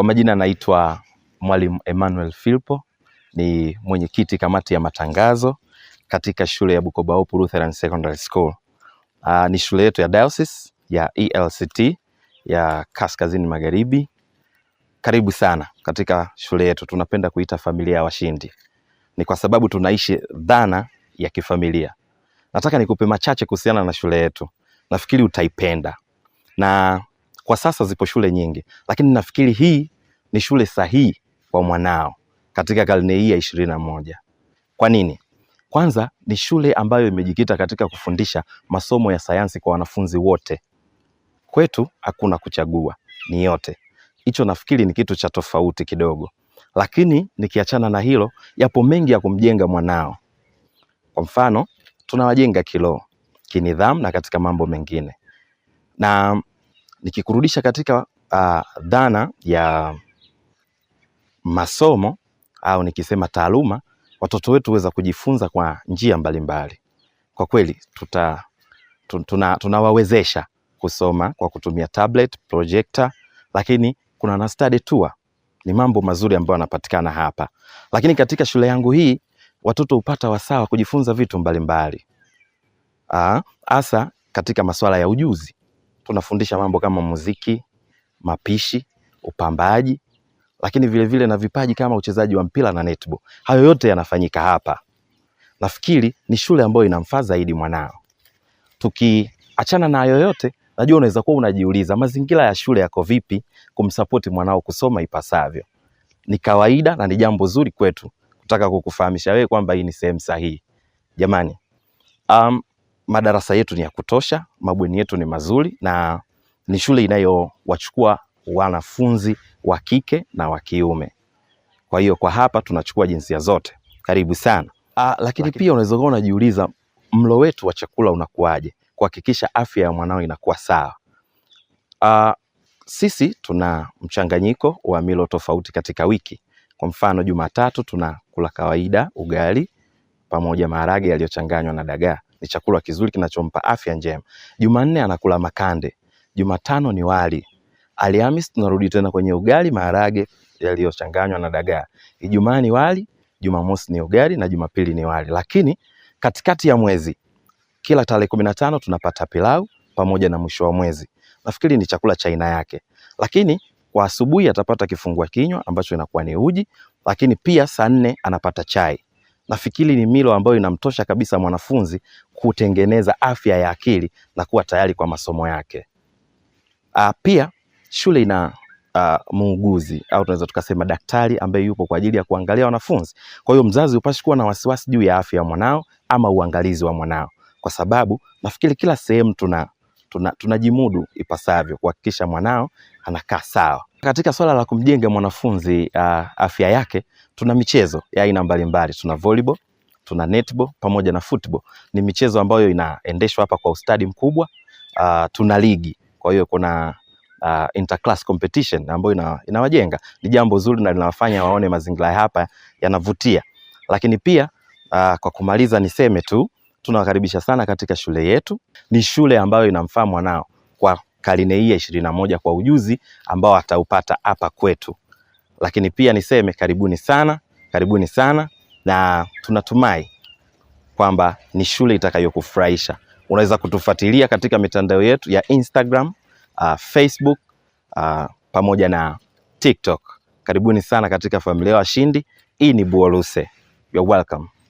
Kwa majina naitwa Mwalimu Emmanuel Philpo, ni mwenyekiti kamati ya matangazo katika shule ya Bukoba Hope Lutheran Secondary School. Aa, ah, ni shule yetu ya diocese ya ELCT ya Kaskazini Magharibi. Karibu sana katika shule yetu, tunapenda kuita familia ya washindi. Ni kwa sababu tunaishi dhana ya kifamilia. Nataka nikupe machache kuhusiana na shule yetu, nafikiri utaipenda na kwa sasa zipo shule nyingi, lakini nafikiri hii ni shule sahihi kwa mwanao katika karne hii ya ishirini na moja. Kwa nini? Kwanza ni shule ambayo imejikita katika kufundisha masomo ya sayansi kwa wanafunzi wote. Kwetu hakuna kuchagua, ni yote. Hicho nafikiri ni kitu cha tofauti kidogo, lakini nikiachana na hilo, yapo mengi ya kumjenga mwanao. Kwa mfano, tunawajenga kiroho, kinidhamu na katika mambo mengine, na Nikikurudisha katika uh, dhana ya masomo au nikisema taaluma, watoto wetu huweza kujifunza kwa njia mbalimbali mbali. Kwa kweli tuta tunawawezesha tuna kusoma kwa kutumia tablet, projector, lakini kuna na study tour. Ni mambo mazuri ambayo yanapatikana hapa, lakini katika shule yangu hii watoto hupata wasaa wa kujifunza vitu mbalimbali hasa katika masuala ya ujuzi tunafundisha mambo kama muziki, mapishi, upambaji, lakini vile vile na vipaji kama uchezaji wa mpira na netball. Hayo yote yanafanyika hapa. Nafikiri ni shule ambayo inamfaa zaidi mwanao. Tukiachana na hayo yote, najua unaweza kuwa unajiuliza mazingira ya shule yako vipi kumsapoti mwanao kusoma ipasavyo. Ni kawaida na ni jambo zuri kwetu kutaka kukufahamisha wewe kwamba hii ni sehemu sahihi. Jamani, um, madarasa yetu ni ya kutosha, mabweni yetu ni mazuri na ni shule inayowachukua wanafunzi wa kike na wa kiume. Kwa hiyo kwa hapa tunachukua jinsia zote. Karibu sana. Ah, lakini lakini pia unaweza kuwa unajiuliza mlo wetu wa chakula unakuwaje kuhakikisha afya ya mwanao inakuwa sawa. Ah, sisi tuna mchanganyiko wa milo tofauti katika wiki. Kwa mfano Jumatatu tuna kula kawaida ugali pamoja maharage yaliyochanganywa na dagaa ni chakula kizuri kinachompa afya njema. Jumanne anakula makande, Jumatano ni wali, Alhamis tunarudi tena kwenye ugali maharage yaliyochanganywa na dagaa, Ijumaa ni wali, Jumamosi ni ugali na Jumapili ni wali. Lakini katikati ya mwezi kila tarehe kumi na tano tunapata pilau pamoja na mwisho wa mwezi, nafikiri ni chakula cha aina yake. Lakini kwa asubuhi atapata kifungua kinywa ambacho inakuwa ni uji, lakini pia saa nne anapata chai. Nafikiri ni milo ambayo inamtosha kabisa mwanafunzi kutengeneza afya ya akili na kuwa tayari kwa masomo yake. A, ah, pia shule ina Uh, muuguzi au tunaweza tukasema daktari ambaye yupo kwa ajili ya kuangalia wanafunzi. Kwa hiyo mzazi upashi kuwa na wasiwasi juu ya afya ya mwanao ama uangalizi wa mwanao, kwa sababu nafikiri kila sehemu tuna tunajimudu tuna ipasavyo kuhakikisha mwanao anakaa sawa. Katika swala la kumjenga mwanafunzi uh, afya yake, Tuna michezo ya aina mbalimbali, tuna volleyball, tuna netball pamoja na football. Ni michezo ambayo inaendeshwa hapa kwa ustadi mkubwa. Uh, tuna ligi, kwa hiyo kuna uh, interclass competition ambayo ina, inawajenga. Ni jambo zuri na linawafanya waone mazingira hapa yanavutia, lakini pia uh, kwa kumaliza niseme tu tunawakaribisha sana katika shule yetu. Ni shule ambayo inamfaa mwanao kwa karne hii ya ishirini na moja kwa ujuzi ambao ataupata hapa kwetu lakini pia niseme karibuni sana, karibuni sana, na tunatumai kwamba ni shule itakayokufurahisha. Unaweza kutufuatilia katika mitandao yetu ya Instagram, uh, Facebook uh, pamoja na TikTok. Karibuni sana katika familia ya washindi. Hii ni Buoluse. You're welcome.